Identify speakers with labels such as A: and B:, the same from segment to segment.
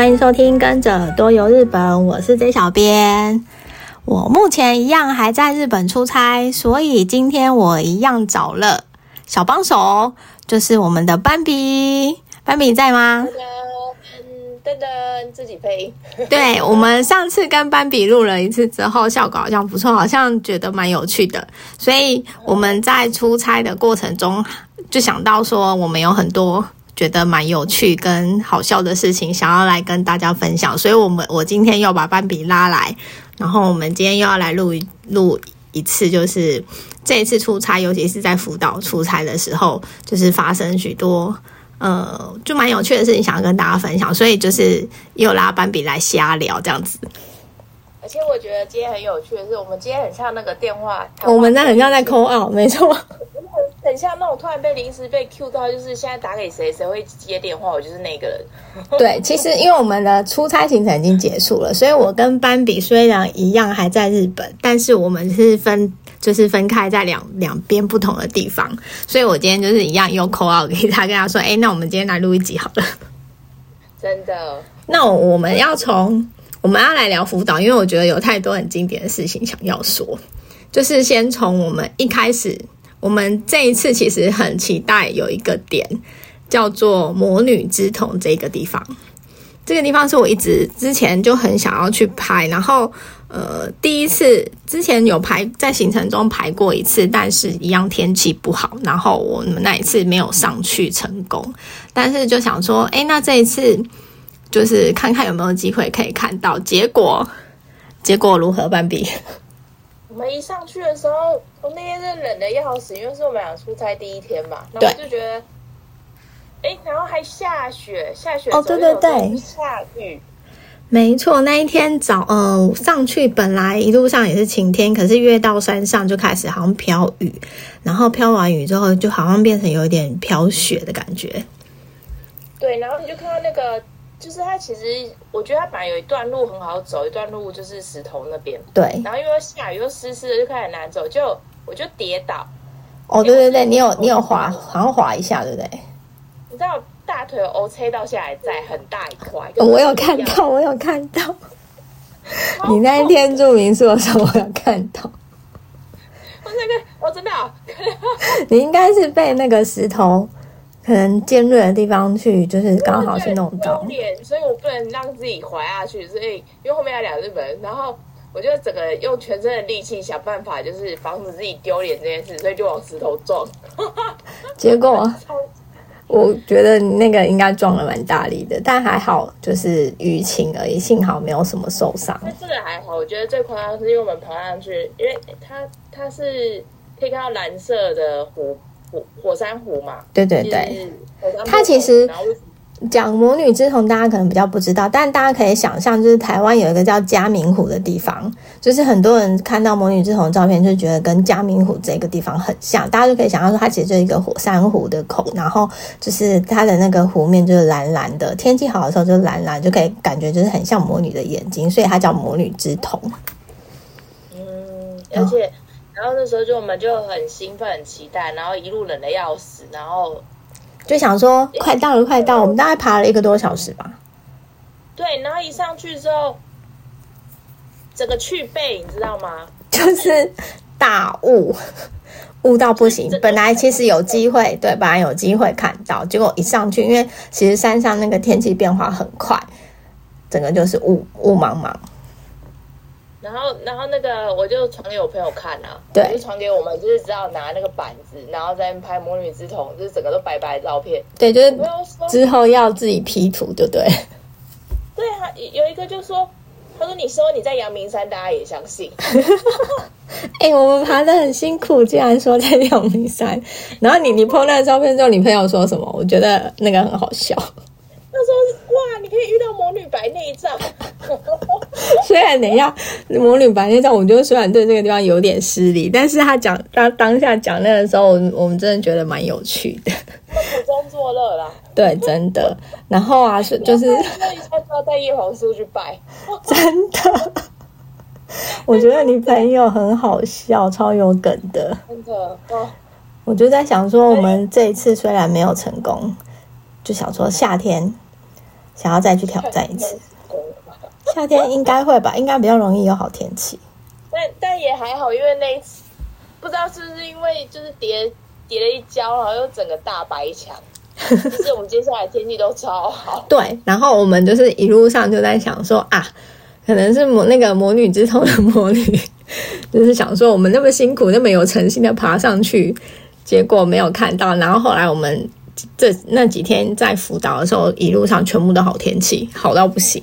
A: 歡迎收聽《跟着多遊日本》，我是 J 小編。我目前一樣還在日本出差，所以今天我一樣找了小幫手，就是我們的斑比。斑比在嗎？Hello，噔、嗯、噔，自己飛。對，我們上次跟斑比錄了一次之後，效果好像不錯，好像覺得蠻有趣的，所以我們在出差的過程中就想到說，我們有很多覺得蠻有趣跟好笑的事情，想要來跟大家分享，所以，我們我今天又把班比拉來，然後我們今天又要來錄一錄一次，就是這一次出差，尤其是在福島出差的時候，就是發生許多呃，就蠻有趣的事情，想要跟大家分享，所以就是又拉班比來瞎聊這樣子。而且我覺
B: 得今天很有趣的是，我們今天很像那個電話，話，我們在很像在 call out，沒錯。 等一下，那我突然被臨時被 cue 到，就是現在打給誰，誰會接電話？我就是那個人。對，其實
A: 因為我們的出差行程已經結束了，所以我跟班比雖然一樣還在日本，但是我們是分，就是分開在兩兩邊不同的地方。所以我今天就是一樣用 call out 給他跟他說：“哎、欸，那我們今天來錄一集好了。”真的？那我們要從我們要來聊福島，因為我覺得有太多很經典的事情想要說，就是先從我們一開始。我們這一次其實很期待有一個點叫做“魔女之瞳”這個地方。這個地方是我一直之前就很想要去拍，然後呃，第一次之前有排在行程中排過一次，但是一樣天氣不好，然後我們那一次沒有上去成功。但是就想說，哎，那這一次就是看看有沒有機會可以看到，結果結果如何，班比。
B: 我們一上去的時候，我、哦、那天是冷的要死，因為是我們倆出差第一天嘛，然後
A: 我就覺得，哎、欸，然後還下雪下雪哦，oh, 對對對，下雨，沒錯，那一天早呃上去本來一路上也是晴天，可是越到山上就開始好像飄雨，然後飄完雨之後就好像變成有一點飄雪的感覺，對，然後
B: 你就看到那個。就是它其實，我覺得它本來有一段路很好走，一段路就是石頭那邊。對。然後因為下雨又濕濕的，就開始難走，就我就跌倒。
A: 哦，欸、對對對，你，你有你有滑、滑，好像滑一下，對不對？
B: 你知道大腿 o 摔到下來，在很大一塊。我有
A: 看到，我有看到。 恐怖 你那天住民宿的時候，我有看到。
B: 我那個我真的好。好
A: 你應該是被那個石頭。可能尖銳的地方去，就是剛好去弄到
B: 臉，所以，我不能讓自己滑下去，所以，因為後面有兩個日本人，然後，我覺得整個用全身的力氣想辦法，就是防止自己丟臉這件事，所以就往石頭撞。
A: 結果，我覺得那個應該撞了蠻大力的，但還好，就是淤青而已，幸好沒有什麼受傷。那
B: 這個還好，我覺得最誇張是因為我們爬上去，因為它它是可以看到藍色的湖泊。火火山湖嘛，對對對，它其實
A: 講魔女之瞳，大家可能比較不知道，但大家可以想象，就是台灣有一個叫嘉明湖的地方，就是很多人看到魔女之瞳照片，就覺得跟嘉明湖這個地方很像，大家就可以想象說，它其實就是一個火山湖的孔，然後就是它的那個湖面就是藍藍的，天氣好的時候就藍藍，就可以感覺就是很像魔女的眼睛，所以它叫魔女之瞳。嗯，而且。
B: 然後那時候就我們就很興奮、很期待，然後一路
A: 冷得要死，然後就想說快到了，快到了、欸！我們大概爬了一個多小時吧。
B: 對，然後一上去之後，整個去背你知道嗎？
A: 就是大霧，霧到不行。本來其實有機會，對，本來有機會看到，結果一上去，因為其實山上那個天氣變化很快，整個就是霧霧茫茫。
B: 然後，然後那個我就傳給我朋友看啊，對，就傳給我們，就是只要拿那個板子，然後在拍魔女之瞳，就是整個都白白的照片。對，就是之後
A: 要自己 P 圖，對不對？
B: 對啊，有一個就說，他說你說你在陽明山，大家也相信。
A: 哎、 欸，我們爬得很辛苦，竟然說在陽明山。然後你你碰那個照片之後，你朋友說什麼？我覺得那個很好笑。你可以遇到魔女白內障， 雖然等一下魔女白內障，我覺得雖然對這個地方有點失禮，但是他講他當下講那個的時候，我們真的覺得蠻有趣的，苦中作樂啦。對，真的。然後啊，是 就是要帶葉黃素
B: 去拜，
A: 真的。我覺得你朋友很好笑，超有梗的。
B: 真
A: 的，我就在想說，我們這一次雖然沒有成功，欸、就想說夏天。想要再去挑戰一
B: 次，
A: 夏天應該會吧，應該比較容易有好天氣。但
B: 但也還好，因為那一次不知道是不是因為就是跌跌了一跤，然後又整個大白牆。就是我們接下來天氣都超
A: 好。 對，然後我們就是一路上就在想說啊，可能是魔那個魔女之痛的魔女，就是想說我們那麼辛苦、那麼有誠心的爬上去，結果沒有看到。然後後來我們。這那幾天在福島的時候，一路上全部都好天氣，好到不行。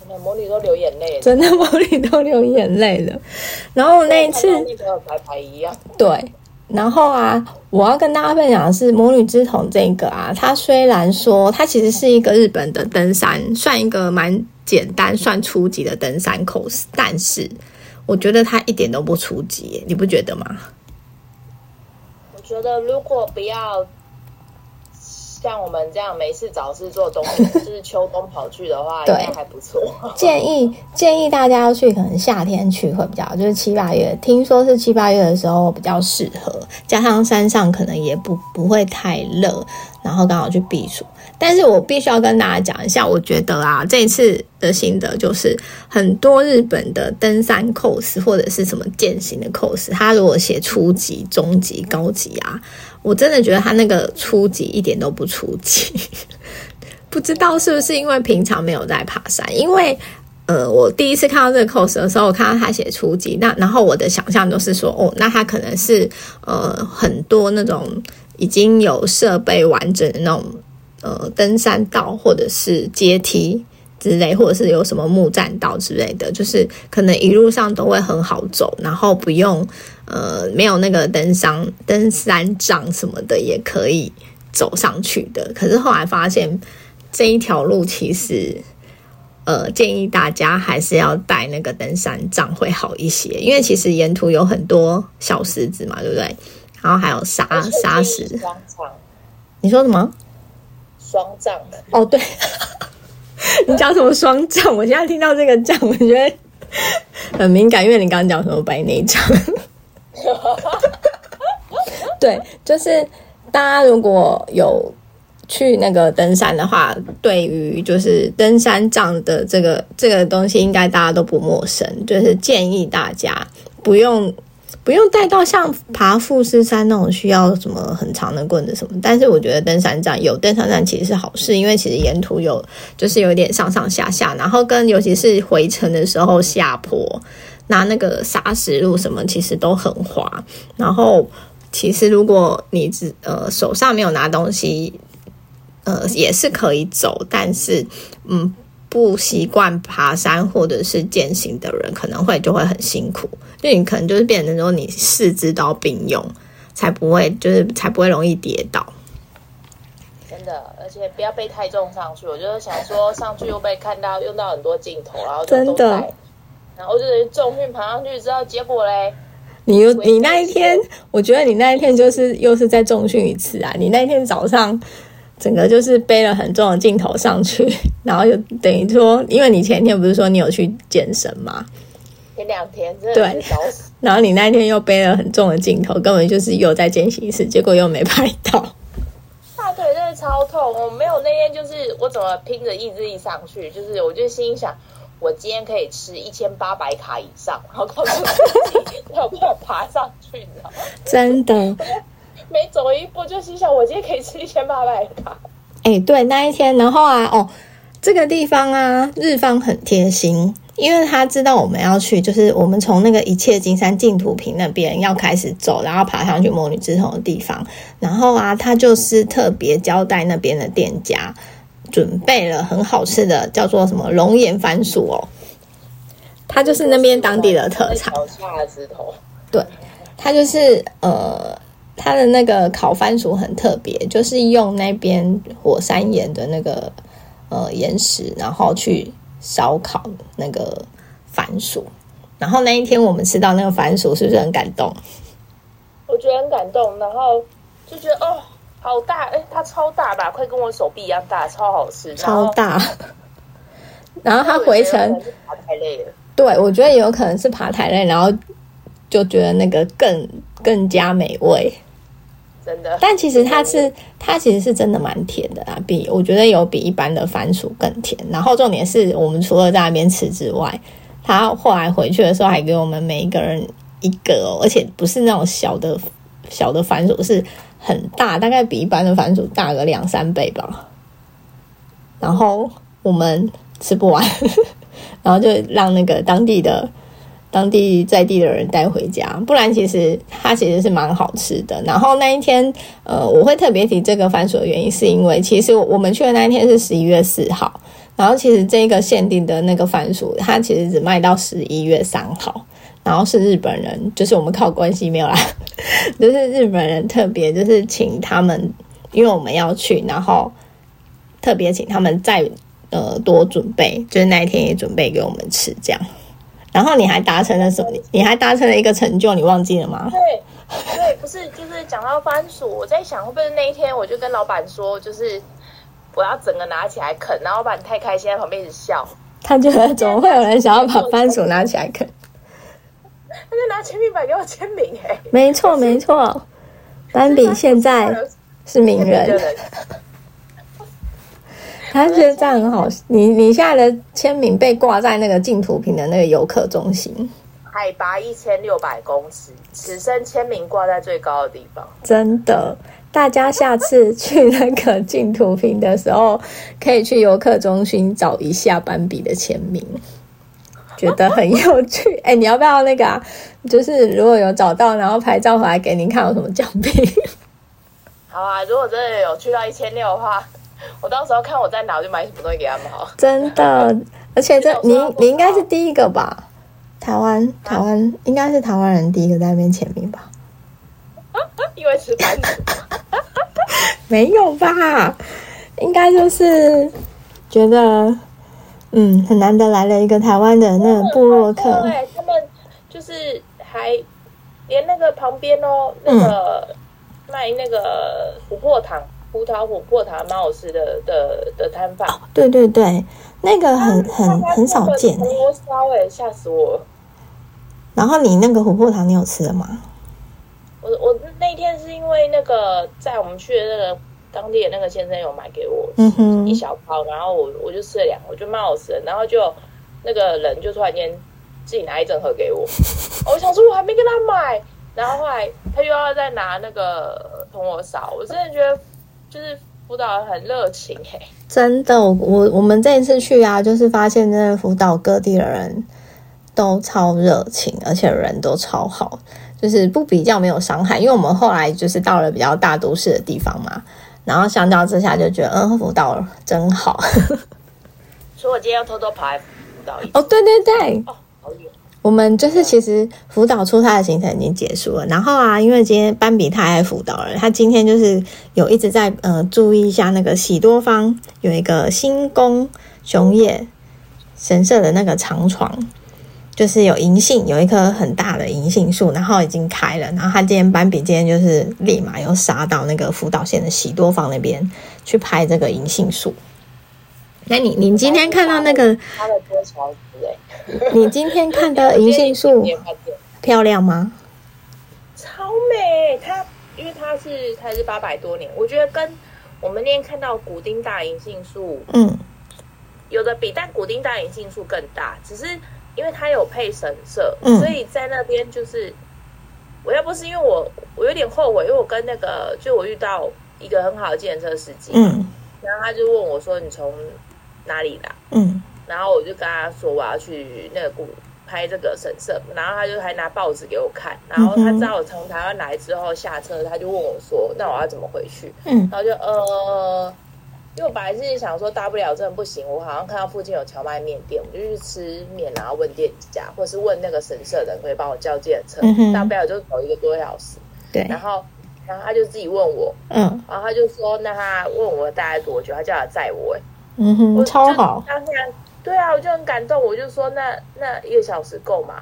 B: 真的魔女都流眼
A: 淚，真的魔女都流眼淚了。 然後那一次，一
B: 樣。對，
A: 然後啊，我要跟大家分享的是《魔女之瞳》這個啊，它雖然說它其實是一個日本的登山，算一個蠻簡單、算初級的登山 course，但是我覺得它一點都不初級，你不覺得嗎？我覺
B: 得如果不要。像我們這樣沒事找事做，冬天就是秋冬跑去的話， 對，應該
A: 還不錯。建議 建議大家要去，可能夏天去會比較，就是七八月，聽說是七八月的時候比較適合，加上山上可能也不不會太熱，然後剛好去避暑。但是我必須要跟大家講一下，我覺得啊，這一次的心得就是很多日本的登山 course 或者是什麼健行的 course，他如果寫初級、中級、高級啊，我真的覺得他那個初級一點都不初級。 不知道是不是因為平常沒有在爬山？因為呃，我第一次看到這個 course 的時候，我看到他寫初級，那然後我的想象就是說，哦，那他可能是呃很多那種已經有設備完整的那種。呃，登山道或者是階梯之類，或者是有什麼木棧道之類的，就是可能一路上都會很好走，然後不用呃沒有那個登山登山杖什麼的也可以走上去的。可是後來發現這一條路其實呃建議大家還是要帶那個登山杖會好一些，因為其實沿途有很多小石子嘛，對不對？然後還有沙沙石。你說什麼？雙杖的哦，對， 你講什麼雙杖？我現在聽到這個杖，我覺得很敏感，因為你剛剛講什麼白內障。 對，就是大家如果有去那個登山的話，對於就是登山杖的這個這個東西，應該大家都不陌生。就是建議大家不用。不用帶到像爬富士山那種需要什麼很長的棍子什麼，但是我覺得登山杖有登山杖其實是好事，因為其實沿途有就是有點上上下下，然後跟尤其是回程的時候下坡拿那那個砂石路什麼，其實都很滑。然後其實如果你只呃手上沒有拿東西，呃也是可以走，但是嗯。不習慣爬山或者是健行的人，可能會就會很辛苦，因為你可能就是變成說你四肢都並用，才不會就是才不會容易跌倒。
B: 真的，而且不要背太重上去。我就是想說，上去又被看到用到很多鏡頭啊。真的，然後就是重訓爬上去之後，知道結果嘞？
A: 你又你那一天，我覺得你那一天就是又是在重訓一次啊。你那一天早上。整個就是背了很重的鏡頭上去，然後就等於說，因為你前天不是說你有去健身嗎？前
B: 兩天真的對，
A: 然後你那一天又背了很重的鏡頭，根本就是又在健身一次，結果又沒拍到。大腿真
B: 的超痛，我沒有那天就是我怎麼拼着意志力上去，就是我就心想我今天可以吃一千八百卡以上，然後要 爬上去， 真的。
A: 沒走一步就心想，我今天可以吃一千八百卡。哎、欸，對那一天，然後啊，哦，這個地方啊，日方很貼心，因為他知道我們要去，就是我們從那個一切金山淨土坪那邊要開始走，然後爬上去魔女之頭的地方，然後啊，他就是特別交代那邊的店家準備了很好吃的，叫做什麼熔岩番薯哦，它就是那邊當地的特產。
B: 腳下的石
A: 頭，對，它就是呃。他的那個烤番薯很特別，就是用那邊火山岩的那個呃岩石，然後去燒烤那個番薯。然後那一天我們吃到那個番薯，是不是很感動？
B: 我覺得很感動，然後就覺得哦，好大！哎、欸，它超大吧，快
A: 跟我手臂一樣大，超好吃，超大。 然後
B: 他回程，爬太累了。
A: 對，我覺得也有可能是爬太累，然後就覺得那個更更加美味。但其實它是，它其實是真的蠻甜的啦、啊。比我覺得有比一般的番薯更甜。然後重點是我們除了在那邊吃之外，他後來回去的時候還給我們每一個人一個、哦，而且不是那種小的小的番薯，是很大，大概比一般的番薯大個兩三倍吧。然後我們吃不完， 然後就讓那個當地的。當地在地的人帶回家，不然其實它其實是蠻好吃的。然後那一天，呃，我會特別提這個番薯的原因，是因為其實我們去的那一天是十一月四號，然後其實這個限定的那個番薯，它其實只賣到十一月三號。然後是日本人，就是我們靠關係，沒有啦，就是日本人特別就是請他們，因為我們要去，然後特別請他們再呃多準備，就是那一天也準備給我們吃這樣。然後你還達成了什麼？你你還達成了一個成就，你忘記了嗎？
B: 對，對，不是，就是講到番薯，我在想，會不會那一天我就跟老板說，就是我要整個拿起來啃，然後老板太開心，在旁邊一直笑。
A: 他覺得怎麼會有人想要把番薯拿起來啃？
B: 他就拿簽名板給我簽名，
A: 欸，哎，沒錯沒錯，斑比現在是名人。 他覺得這樣很好。你你現在的簽名被掛在那個淨土平的那個遊客中心，
B: 海拔一千六百公尺，此生簽名掛在最高的地方。
A: 真的，大家下次去那個淨土平的時候，可以去遊客中心找一下斑比的簽名，覺得很有趣。哎、欸，你要不要那個、啊？就是如果有找到，然後拍照回來給你看，有什麼獎品？好啊，如果真的
B: 有去到一千六的話。我到
A: 時候看我在哪，我就買什麼東西給他們好。真的，而且這 你你應該是第一個吧？台灣台灣、啊、應該是台灣人第一個在那邊簽名吧？
B: 因 為是
A: 哈，沒有吧？應該就是覺得嗯，很難得來了一個台灣的那個部落客。對，他們就是還連那個旁邊哦，那
B: 個賣那個琥珀糖。嗯葡萄琥珀糖蠻好吃的的的攤販，
A: 哦，對對對，那個很，啊、很很少見。銅
B: 鑼燒哎，嚇死我！
A: 然後你那個琥珀糖，你有吃的嗎？
B: 我我那天是因為那個在我們去的那個當地的那個先生有買給我，
A: 嗯，一小
B: 包，然後我我就吃了兩個，我覺得蠻好吃的，然後就那個人就突然間自己拿一整盒給我， 哦，我想說我還沒跟他買，然後後來他又要再拿那個銅鑼燒，我真的覺得。
A: 就是福島很熱情嘿、欸，真的，我我們這一次去啊，就是發現真的福島各地的人都超熱情，而且人都超好，就是不比較沒有傷害，因為我們後來就是到了比較大都市的地方嘛，然後相較之下就覺得嗯，福島真好， 所以
B: 我今天
A: 要偷偷跑來福島一哦，oh, 對對對。Oh. 我們就是其實福島出差的行程已經結束了，然後啊，因為今天斑比太愛福島了，他今天就是有一直在呃注意一下那個喜多方有一個新宮熊野神社的那個長床，嗯、就是有銀杏，有一棵很大的銀杏樹，然後已經開了，然後他今天斑比今天就是立馬又殺到那個福島縣的喜多方那邊去拍這個銀杏樹。那你你今天看到那個
B: 他的歌超你今天看到銀、那個、 杏樹漂亮嗎？超美，它因為它是它是八百多年，我覺得跟我們那天看到古丁大銀杏樹，嗯，有的比，但古丁大銀杏樹更大，只是因為它有配神社、嗯，所以在那邊就是我要不是因為我我有點後悔，因為我跟那個就我遇到一個很好的計程車司機，嗯，然後他就問我說你從哪裡啦？嗯，然後我就跟他說我要去那個谷拍這個神社，然後他就還拿報紙給我看，然後他知道我從台灣來之後下車，他就問我說：“那我要怎麼回去？”嗯，然後就呃，因為我本來是想說大不了真的不行，我好像看到附近有蕎麥麵店，我就去吃麵，然後問店家，或者是問那個神社的人可以幫我叫計程車，嗯，大不了就走一個多小時。對，然後然後他就自己問我，嗯、哦，然後他就說：“那他問我大概多久，他叫他載我。”嗯哼，我超好。對啊，我就很感動。我就說那，那那一個小時夠嘛？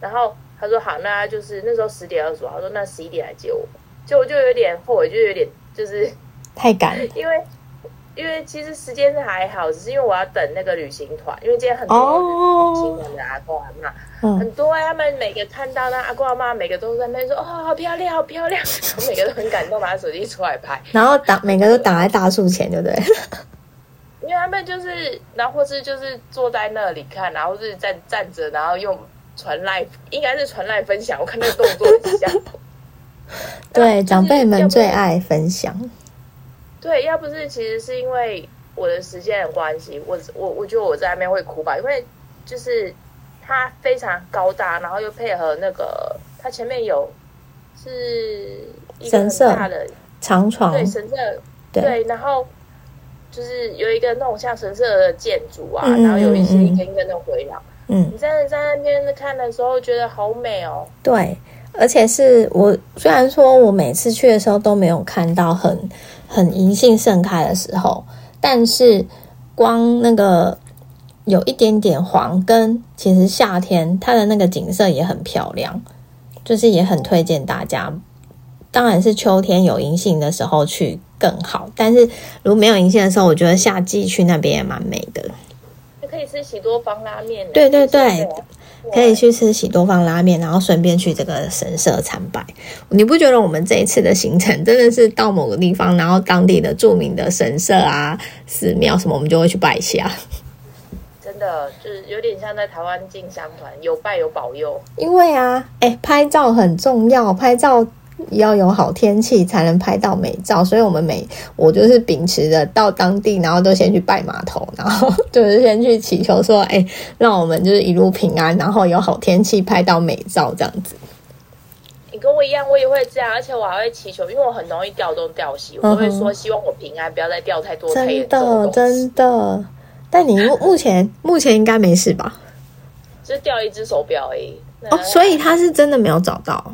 B: 然後他說好，那就是那時候十點二十五。他說那十一點來接我。就我就有點後悔，就有點就是太趕，因為因為其實時間還好，只是因為我要等那個旅行團，因為今天很多新人、oh，人的阿公阿媽、嗯，很多、啊、他們每個看到那阿公阿媽，每個都在那邊說哦，好漂亮，好漂亮。 我每個都很感動，把他手機出來拍。
A: 然後擋每個都擋在大樹前，對，對不對？
B: 因為他們就是，然後或是就是坐在那裡看，然後是站站着，然後用傳 LINE 應該是傳 LINE 分享。我看那個動作，
A: 對、就是、長輩們最愛分享。
B: 對，要不是其實是因為我的時間的關係，我我我覺得我在那邊會哭吧，因為就是他非常高大，然後又配合那個，他前面有是一個很大神社
A: 的長床，對神社，對，
B: 然後。就是有一個那種像神社的建築啊、嗯，然後有一些一根一根的回廊，嗯。嗯，你站在那邊看的時候，覺得好美
A: 哦。對，而且是我雖然說我每次去的時候都沒有看到很很銀杏盛開的時候，但是光那個有一點點黃，跟其實夏天它的那個景色也很漂亮，就是也很推薦大家。當然是秋天有銀杏的時候去更好，但是如果沒有銀杏的時候，我覺得夏季去那邊也蠻美的。可以
B: 吃喜多方拉麵，對對
A: 對，對，可以去吃喜多方拉麵，然後順便去這個神社參拜。你不覺得我們這一次的行程真的是到某個地方，然後當地的著名的神社啊、寺廟什麼，我們就會去拜一下？真的，就是
B: 有點像在台灣進香團，有拜有保佑。
A: 因為啊，欸，拍照很重要，拍照。要有好天氣才能拍到美照，所以我們每我就是秉持着到當地，然後都先去拜碼頭，然後就是先去祈求說，哎、欸，讓我們就是一路平安，然後有好天氣拍到美照這樣子。你
B: 跟我一樣，我也會這樣，而且我還會祈求，因為我很容易掉東掉
A: 西、嗯，我會說希望我平安，不要再掉太多貴重的東西。真的，真的。但你目前 目前應該沒事吧？
B: 只掉一只手表而已。哦，所
A: 以他是真的沒有找到。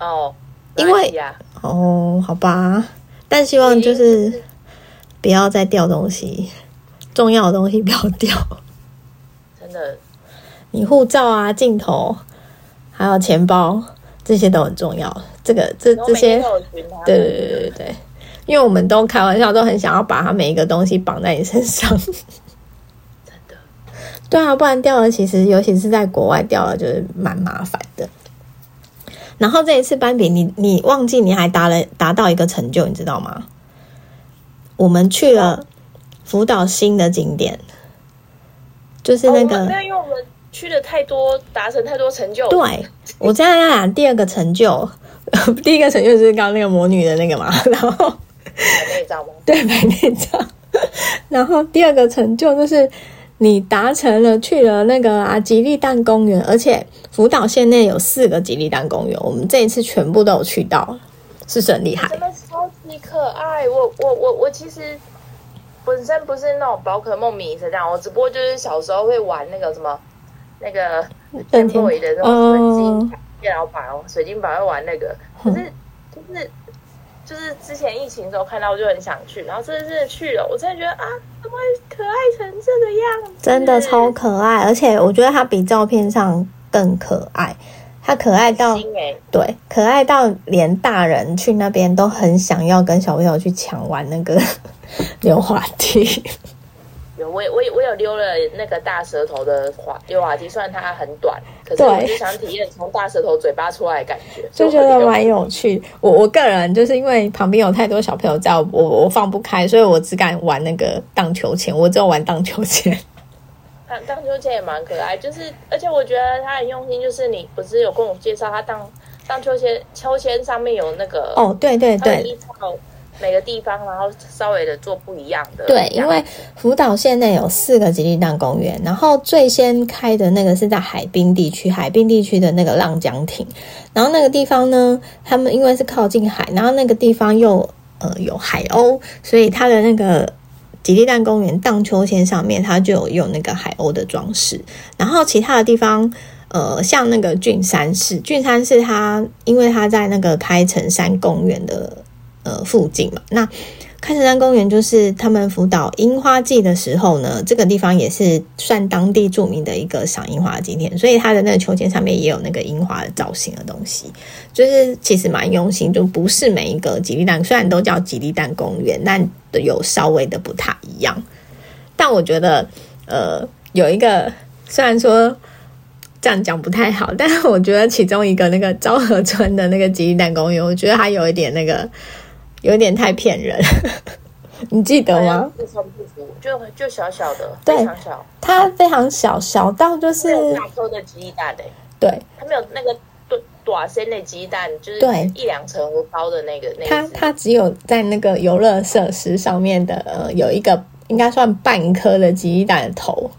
A: 哦，因為、啊、哦，好吧，但希望就是不要再掉東西，重要的東西不要掉。真
B: 的，
A: 你護照啊、鏡頭，還有錢包這些都很重要。這個這這些、啊，對對對對對，因為我們都開玩笑，都很想要把它每一個東西綁在你身上。真的。 對啊，不然掉了，其實尤其是在國外掉了，就是蠻麻煩的。然後這一次斑比，你你忘記你還達了達到一個成就，你知道嗎？我們去了福島新的景點，就是那個，哦，那因為我們
B: 去的太多，達成太多成就。
A: 對，我現在要講第二個成就，呵呵第一個成就就是剛剛那個魔女的那個嘛。然後白內障嗎？對，白內障。然後第二個成就就是。你達成了去了那個啊吉利蛋公園，而且福島縣內有四個吉利蛋公園，我們這一次全部都有去到，是不是很厲害？
B: 真的超級可愛！我我我我其實本身不是那種寶可夢迷，這樣我只不過就是小時候會玩那個什麼那個電波儀的那種水晶電腦版哦，水晶版會玩那個，可是就是。嗯就是之前疫情的時候看到我就很想去，然後
A: 真的，真的去了，我真的覺得啊，怎麼可愛成這個樣子？真的超可愛，而且我覺得它比照片上更可愛，它可愛到、欸、對可愛到連大人去那邊都很想要跟小朋友去搶玩那個溜滑梯。
B: 我我我有溜了那個大舌頭的滑溜滑梯，雖然它很短，可是我就想體驗從大舌頭嘴巴出來的感覺，就
A: 覺得蠻有趣。嗯，我我個人就是因為旁邊有太多小朋友在我，我放不開，所以我只敢玩那個盪秋千，我只有玩盪秋千。盪
B: 盪秋千也蠻可愛，就是而且我覺得他很用心，就是你不是有跟我介紹他盪盪秋千，秋千上面有那個哦，對對對。每個地方，然後稍微的做不一樣的樣。對，
A: 因為福島縣內有四個吉利彈公園，然後最先開的那個是在海濱地區，海濱地區的那個浪江町，然後那個地方呢，他們因為是靠近海，然後那個地方又呃有海鷗，所以它的那個吉利彈公園盪秋千上面，它就有那個海鷗的裝飾。然後其他的地方，呃，像那個郡山市，郡山市它因為它在那個開成山公園的。呃，附近嘛，那開成山公園就是他們福島櫻花季的時候呢，這個地方也是算當地著名的一個賞櫻花的景點，所以它的那個秋千上面也有那個櫻花的造型的東西，就是其實蠻用心，就不是每一個吉利蛋雖然都叫吉利蛋公園，但有稍微的不太一樣。但我覺得，呃，有一個雖然說這樣講不太好，但是我覺得其中一個那個昭和村的那個吉利蛋公園，我覺得它有一點那個。有點太騙人， 你記得嗎？啊、就就小小的，對，非常
B: 小，
A: 它非常小，啊、小到就是沒有大顆
B: 的雞蛋，欸、對，它沒有那個多大的雞蛋，就是對一兩層高的那個。它
A: 它只有在那個遊樂設施上面的，呃，有一個應該算半顆的雞蛋的頭，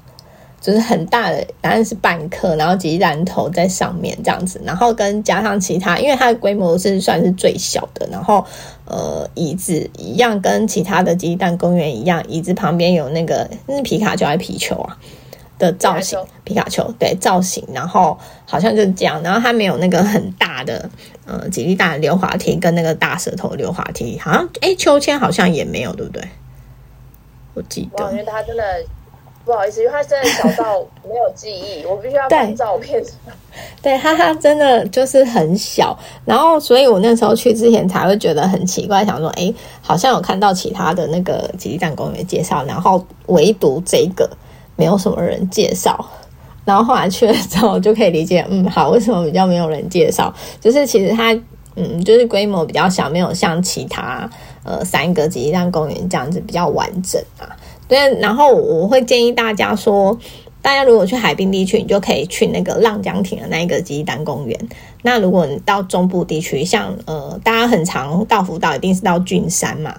A: 就是很大的，答案是半顆，然後雞蛋頭在上面這樣子，然後跟加上其他，因為它的規模是算是最小的，然後。呃，椅子一樣，跟其他的吉利蛋公園一樣，椅子旁邊有那個，那是皮卡丘還是皮球啊的造型？皮卡丘，皮卡丘對，造型，然後好像就是這樣，然後它沒有那個很大的呃吉利蛋，溜滑梯跟那個大舌頭溜滑梯，好像誒，秋千好像也沒有，對不對？我記
B: 得。不好意思，因為他
A: 真的小到沒有記憶， 我必須要看照片對。對，哈哈，真的就是很小。然後，所以我那時候去之前才會覺得很奇怪，想說，哎、欸，好像有看到其他的那個吉力站公園介紹，然後唯獨這個沒有什麼人介紹。然後後來去了之後，就可以理解，嗯，好，為什麼比較沒有人介紹？就是其實它，嗯，就是規模比較小，沒有像其他呃三個吉力站公園這樣子比較完整啊。所以，然後我會建議大家說，大家如果去海濱地區，你就可以去那個浪江町的那一個吉伊丹公園。那如果你到中部地區，像呃，大家很常到福島，一定是到郡山嘛，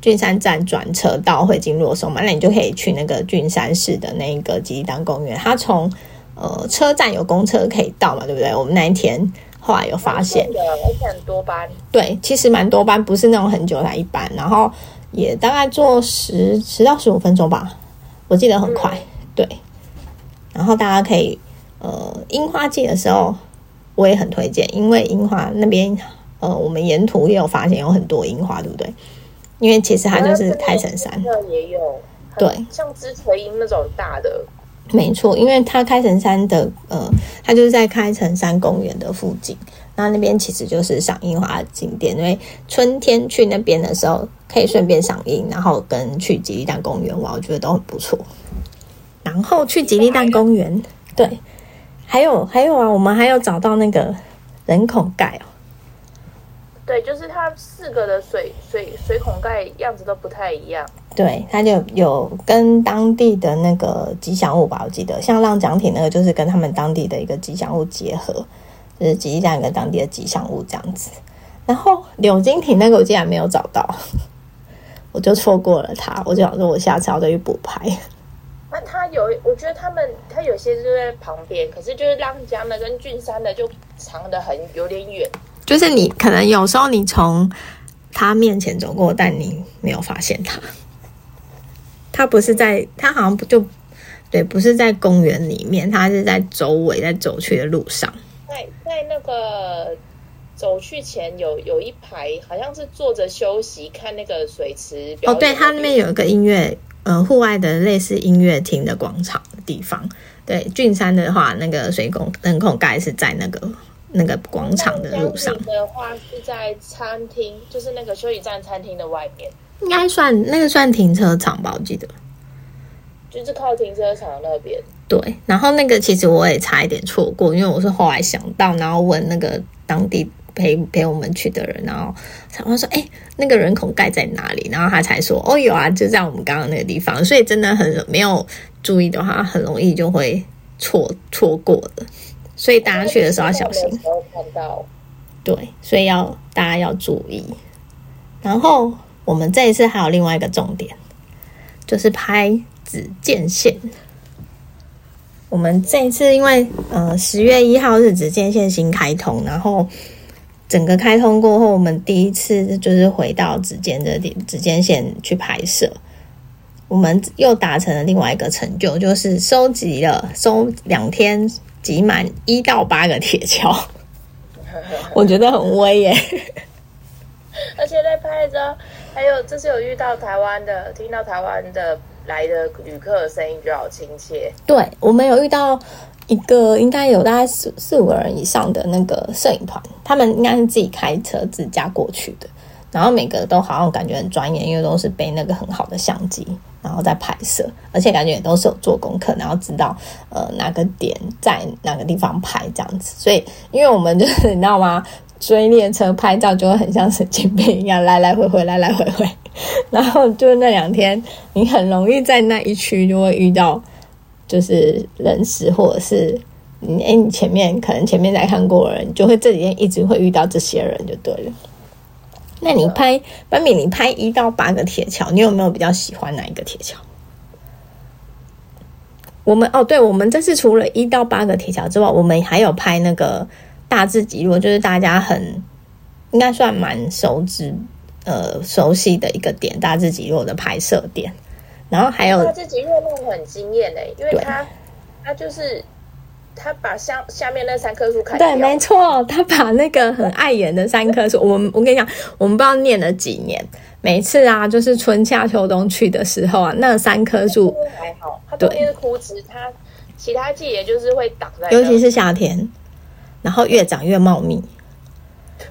A: 郡山站轉車到會津若松嘛，那你就可以去那個郡山市的那一個吉伊丹公園。它從呃車站有公車可以到嘛，對不對？我們那一天後來有發現，對，其實蠻多班，不是那種很久才一班，然後。也大概做十十到十五分鐘吧，我記得很快，嗯，對。然後大家可以，呃，櫻花季的時候，我也很推薦，因為櫻花那邊，呃，我們沿途也有發現有很多櫻花，對不對？因為其實它就是開成山，那也
B: 有對，像枝垂櫻那種大的，沒
A: 錯，因為它開成山的，呃，它就是在開成山公園的附近。那那邊其實就是賞櫻花的景點，因為春天去那邊的時候可以順便賞櫻，然後跟去吉利蛋公園玩，我，我覺得都很不錯。然後去吉利蛋公園，對，還有還有啊，我們還有找到那個人孔蓋哦、喔。對，就是它四個的
B: 水水水孔蓋樣子
A: 都不太一樣。對，它就有跟當地的那個吉祥物吧，我記得像浪江町那個就是跟他們當地的一個吉祥物結合。就是吉祥的當地的吉祥物這樣子，然後柳金亭那個我竟然沒有找到，我就錯過了他，我就想說我下次要再去補拍。那
B: 他有，我覺得他們他有些是在旁邊，可是就是浪江的跟俊山的就藏的很有點遠。
A: 就是你可能有時候你從他面前走過，但你沒有發現他。他不是在，他好像不就對，不是在公園裡面，他是在周圍在走去的路上。在
B: 那個走去前有有一排好像是坐着休息看那個水池。哦，對，它那
A: 邊有一個音樂，呃，戶外的類似音樂廳的廣場的地方。對，郡山的話，那個水孔人孔蓋是在那個那個廣場的路上的
B: 話，是在餐廳，就是那個休息站餐廳的
A: 外面，應該算那個算停車場吧，我記得。就是靠停車場的那邊。對，然後那個其實我也差一點錯過，因為我是後來想到，然後問那個當地陪陪我們去的人，然後他問說：“哎、欸，那個人孔蓋在哪裡？”然後他才說：“哦，有啊，就在我們剛剛那個地方。”所以真的很沒有注意的話，很容易就會錯錯過的。所以大家去的時候要小心。啊、沒有看到。對，所以要大家要注意。然後我們這一次還有另外一個重點，就是拍。只見線，我們這一次因為呃十月一號是只見線新開通，然後整個開通過後，我們第一次就是回到只見的地只見線去拍攝，我們又達成了另外一個成就，就是收集了收兩天集滿一到八個鐵橋， 我覺得很威耶，欸，而
B: 且在拍照，還有就是有遇到台灣的，聽到台灣的。來的旅客的聲
A: 音就好親切。對，我們有遇到一個，應該有大概四四五個人以上的那個攝影團，他們應該是自己開車自駕過去的，然後每個都好像感覺很專業，因為都是背那個很好的相機，然後在拍攝，而且感覺也都是有做功課，然後知道，呃，哪個點在哪個地方拍，這樣子。所以，因為我們就是，你知道嗎？追列車拍照就會很像神經病一樣，來來回回，來來回回。 然後就是那兩天，你很容易在那一區就會遇到，就是人士或者是你，哎、欸，你前面可能前面來看過的人，就會這幾天一直會遇到這些人，就對了。那你拍、嗯、班比，你拍一到八個鐵橋，你有沒有比較喜歡哪一個鐵橋？我們哦，對，我們這次除了一到八個鐵橋之外，我們還有拍那個。大志集落就是大家很應該算蠻熟知、呃熟悉的一個點，大志集落的拍攝點。然後還有大
B: 志集落，那很驚豔哎，因為他他就是
A: 他把下下面那三棵樹砍掉。對，沒錯，他把那個很礙眼的三棵樹， 我們我跟你講，我們不知道念了幾年，每次啊，就是春夏秋冬去的時候啊，那三棵樹還
B: 好，它冬天枯枝，它其他季也就是會擋在，尤其是夏天。
A: 然後越長越茂密，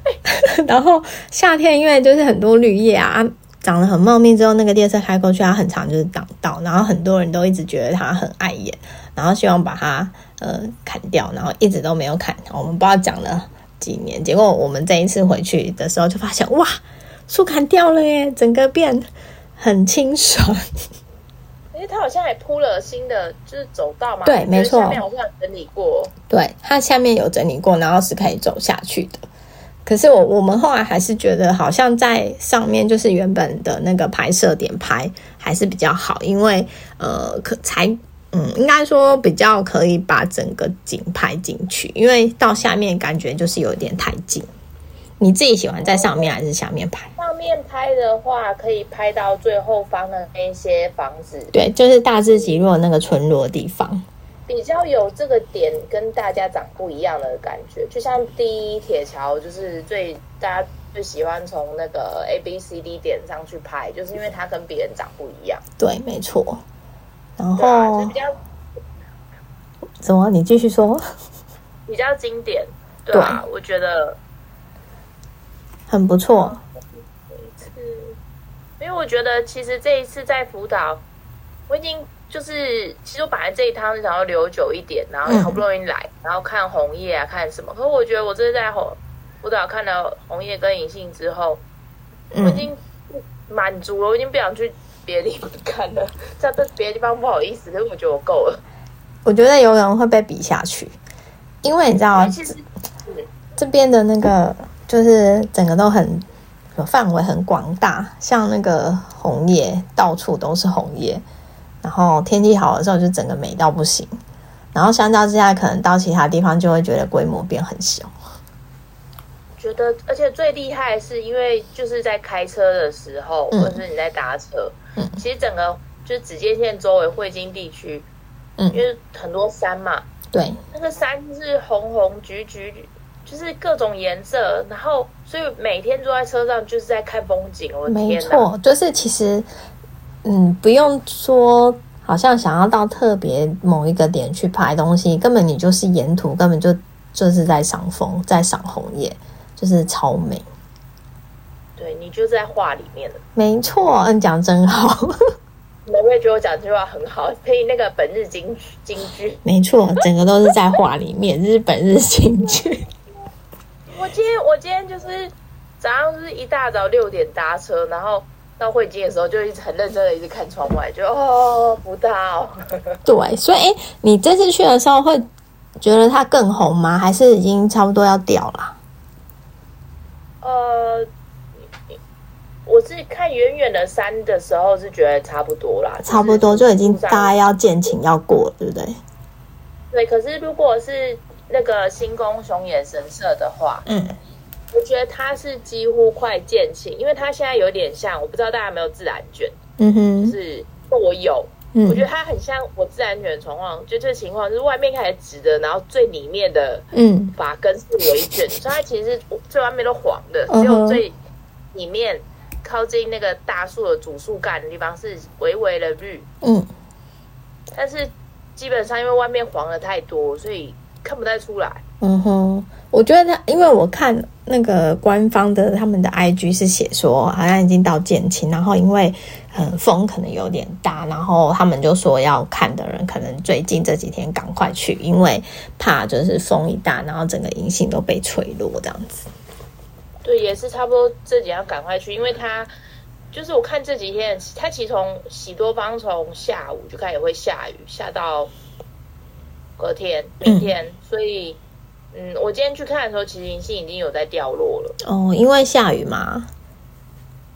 A: 哎，然後夏天因為就是很多綠葉啊，長得很茂密之後，那個電車開過去它很長就是擋到，然後很多人都一直覺得它很礙眼，然後希望把它呃砍掉，然後一直都沒有砍。我們不知道講了幾年，結果我們這一次回去的時候就發現，哇，樹砍掉了耶，整個變很清爽。
B: 因為它好像還鋪了新的，就是走道嘛。對，沒錯，下面我不想整
A: 理過。對，它下面有整理過，然後是可以走下去的。可是我我們後來還是覺得，好像在上面就是原本的那個拍攝點拍還是比較好，因為呃可才嗯應該說比較可以把整個景拍進去，因為到下面感覺就是有點太近。你自己喜歡在上面還是下面拍？
B: 面拍的話，可以拍到最後方的那些房子。對，
A: 就是大志集落那個村落地方，
B: 嗯，比較有這個點，跟大家長不一樣的感覺。就像第一鐵橋，就是最大家最喜歡從那個 A B C D 點上去拍，就是因為它跟別人長不一樣。
A: 嗯、對，沒錯。然後，啊、比
B: 較
A: 怎麼？你繼續說。
B: 比較經典，對啊，對啊，我覺得很不錯。嗯、因為我覺得其實這一次在福島，我已經就是，其實我本來這一趟是想要留久一點，然後好不容易來、嗯，然後看紅葉啊，看什麼。可是我覺得我這次在福福島看到紅葉跟銀杏之後，我已經滿足了，我已經不想去別的地方看了，在、嗯、別別的地方不好意思，因為我覺得我夠了。
A: 我覺得有人會被比下去，因為你知道嗎？其實、嗯、這邊的那個就是整個都很。範圍很廣大，像那個紅葉，到處都是紅葉。然後天氣好的時候，就整個美到不行。然後相較之下，可能到其他地方就會覺得規模變很小。
B: 覺得，而且最厲害的是因為就是在開車的時候，嗯、或者是你在搭車、嗯，其實整個就是只見線周圍會津地區、嗯，因為很多山嘛，對，那個山是紅紅橘橘，橘。就是各種顏色，然後所以每天
A: 坐在車上就是在看風景。我天，沒錯，就是其實，嗯，不用說，好像想要到特別某一個點去拍東西，根本你就是沿途，根本就就是在賞楓，在賞紅葉，就是超美。
B: 對，你
A: 就是在畫裡面沒錯。嗯，講真好，你
B: 會覺得我講這句話很好，可以那個本日金金句，沒
A: 錯，整個都是在畫裡面，是 本日金句。
B: 我今天我今天就是早上是一大早六點搭車，然後到會津的時候，就一直很認真的一直看窗外，就哦不到、哦。 對，所以、欸、
A: 你這次去的時候會覺得它更紅嗎？還是已經差不多要掉了？
B: 呃，我是看遠遠的山的時候是覺得差不多啦，就是、差不多就已經大概
A: 要見晴要過了，對不對？
B: 對，可是如果是。那個新宮熊野神社的話，嗯，我覺得它是幾乎快見性，因為它現在有點像，我不知道大家有沒有自然捲，嗯哼，就是我有，嗯，我覺得它很像我自然捲的狀況，就這情況就是外面開始直的，然後最裡面的，嗯，髮根是微捲，嗯、所以它其實最外面都黃的，只、嗯、有最裡面靠近那個大樹的主樹幹的地方是微微的綠，嗯，但是基本上因為外面黃了太多，所以。看不
A: 太出來，嗯哼，我覺得他，因為我看那個官方的他們的 IG 是寫說，好像已經到建青，然後因為嗯、呃、風可能有點大，然後他們就說要看的人可能最近這幾天趕快去，因為怕就是風一大，然後整個銀杏都被吹落這樣子。
B: 對，也是差不多這幾天趕快去，因為他就是我看這幾天，他其實從喜多方從下午就開始會下雨，下到。隔天，明天、
A: 嗯，所以，嗯，我今天去看的時
B: 候，其實銀杏已經有在掉落了。
A: 哦，因為下雨嘛。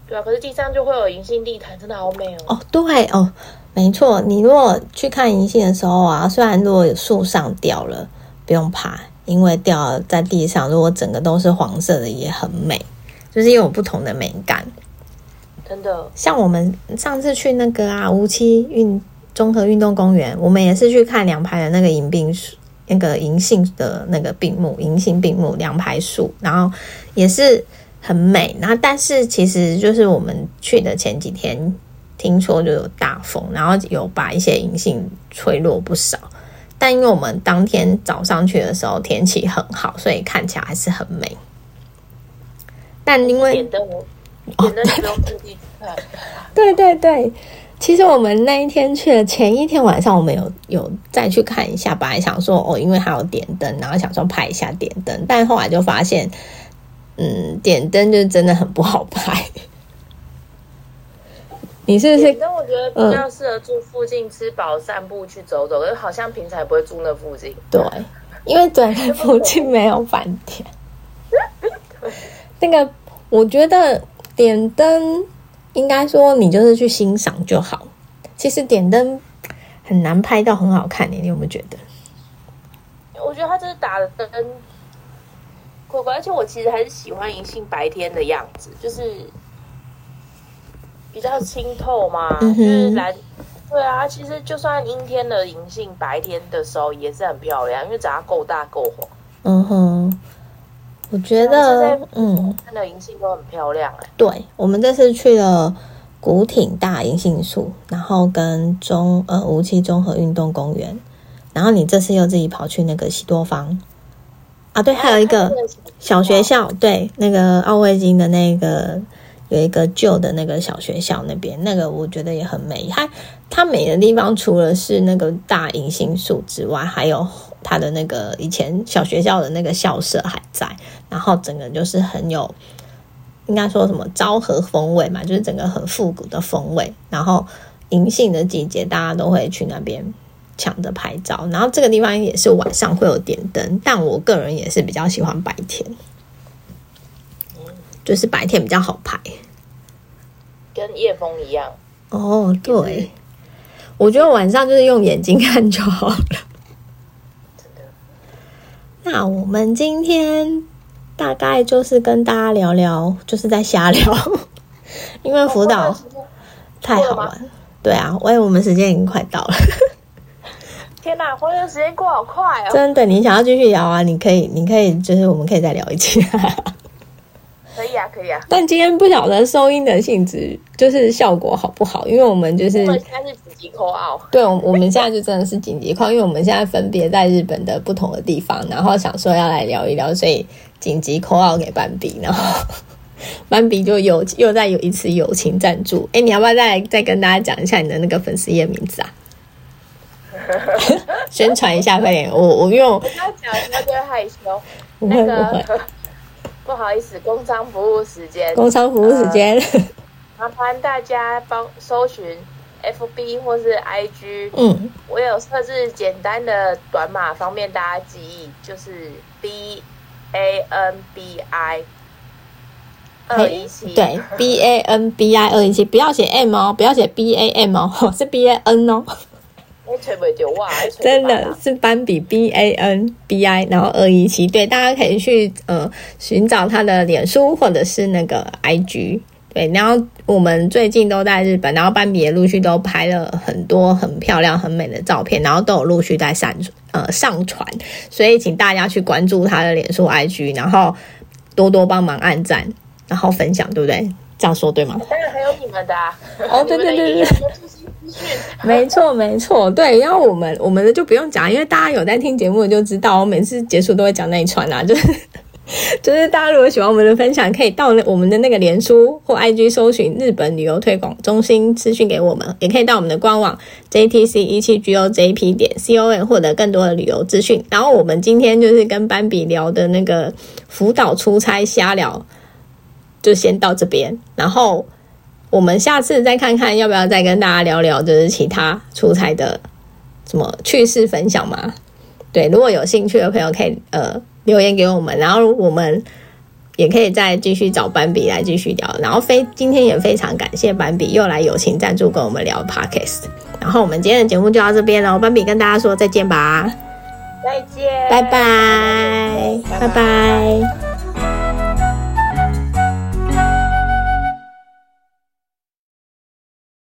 A: 對啊，可是地上就會有銀杏地毯，真的好美哦。哦，對哦，沒錯。你如果去看銀杏的時候啊，雖然如果有樹上掉了，不用怕，因為掉在地上，如果整個都是黃色的，也很美，就是有不同的美感。
B: 真的。
A: 像我們上次去那個啊，烏七運。綜合運動公園，我們也是去看兩排的那個銀杏樹，那個銀杏的那個並木，銀杏並木兩排樹，然後也是很美。然後，但是其實就是我們去的前幾天聽說就有大風，然後有把一些銀杏吹落不少。但因為我們當天早上去的時候天氣很好，所以看起來還是很美。但因為點燈，點、哦、 對對對。其實我們那一天去的前一天晚上我們有有再去看一下吧，還想說哦，因為它有點燈，然後想說拍一下點燈，但後來就發現，嗯，點燈就真的很不好拍。你是不是？反正我覺得比
B: 較適合住附近，吃飽散步去走走，因、嗯、為好像平常不會住那附近。
A: 對，因為對附近沒有飯店。 那個，我覺得點燈。應該說，你就是去欣賞就好。其實點燈很難拍到很好看，你有沒有覺得？
B: 我覺得它就是打的燈，而且我其實還是喜歡銀杏白天的樣子，就是比較清透嘛。嗯、就是藍，對啊。其實就算陰天的銀杏白天的時候也是很漂亮，因為只要夠大夠黃。嗯哼。
A: 我覺得，嗯，看到銀杏都很漂亮哎、欸。對我們這次去了古挺大銀杏樹，然後跟中呃無錫綜合運動公園，然後你這次又自己跑去那個喜多方。啊，對還，還有一個小學校，學校哦、對，那個奧會津的那個有一個舊的那個小學校那邊，那個我覺得也很美。它它美的地方除了是那個大銀杏樹之外，還有。他的那個以前小學校的那個校舍還在，然後整個就是很有，應該說什麼昭和風味嘛，就是整個很復古的風味。然後銀杏的季節，大家都會去那邊搶着拍照。然後這個地方也是晚上會有點燈，但我個人也是比較喜歡白天，就是白天比較好拍，
B: 跟夜風
A: 一樣。哦，對，我覺得晚上就是用眼睛看就好了。那我們今天大概就是跟大家聊聊，就是在瞎聊，因為福島太好玩。對啊，因為我們時間已經快到了。
B: 天哪、啊，活的時間過好快哦！真的，你
A: 想要繼續聊啊？你可以，你可以，就是我們可以再聊一期，啊。可以啊，可以啊，但今天不曉得收音的性質，就是效果好不好，因為我們就是，它是
B: 緊
A: 急 call out。對，我們現在就真的是緊急 call， 因為我們現在分別在日本的不同的地方，然後想說要來聊一聊，所以緊急 call out 給班比，然後班比就有又再有一次友情贊助。哎、欸，你要不要再再跟大家講一下你的那個粉絲頁名字啊？ 宣傳一下會，我我用。我
B: 要講，他就會害羞，不 會不會。不好意思，工商服務時間。工商服務時間。呃，麻煩大家幫搜尋 FB 或是 IG。嗯，我有設置簡單的短碼，方便大家記憶，就是 BANBI 217，對
A: BANBI 217，不要寫 M 哦，不要寫 BAM 哦，是 BAN 哦。
B: 真的
A: 是斑比，B A N B I，然後二一七，對，大家可以去呃尋找他的臉書或者是那個 I G，對，然後我們最近都在日本，然後斑比也陸續都拍了很多很漂亮很美的照片，然後都有陸續在上傳呃上傳，所以請大家去關注他的臉書 I G，然後多多幫忙按讚，然後分享，對不對？這樣說對嗎？
B: 欸，當然還有你們的、啊、哦、啊，對對對對，多出新
A: 資訊，沒錯沒錯，對。然後我們我們的就不用講，因為大家有在聽節目就知道，我每次結束都會講那一串，啊、就是就是大家如果喜歡我們的分享，可以到那我們的那個連書或 IG 搜尋日本旅遊推廣中心資訊給我們，也可以到我們的官網 jtc 一七 g o j p 點 com 獲得更多的旅遊資訊。然後我們今天就是跟斑比聊的那個福島出差瞎聊，就先到這邊，然後我們下次再看看要不要再跟大家聊聊，就是其他出差的什麼趣事分享嘛？對，如果有興趣的朋友可以呃留言給我們，然後我們也可以再繼續找斑比來繼續聊。然後非今天也非常感謝斑比又來友情贊助跟我們聊的 Podcast。然後我們今天的節目就到這邊，然後斑比跟大家說再見吧，再見，拜拜，拜拜。Bye bye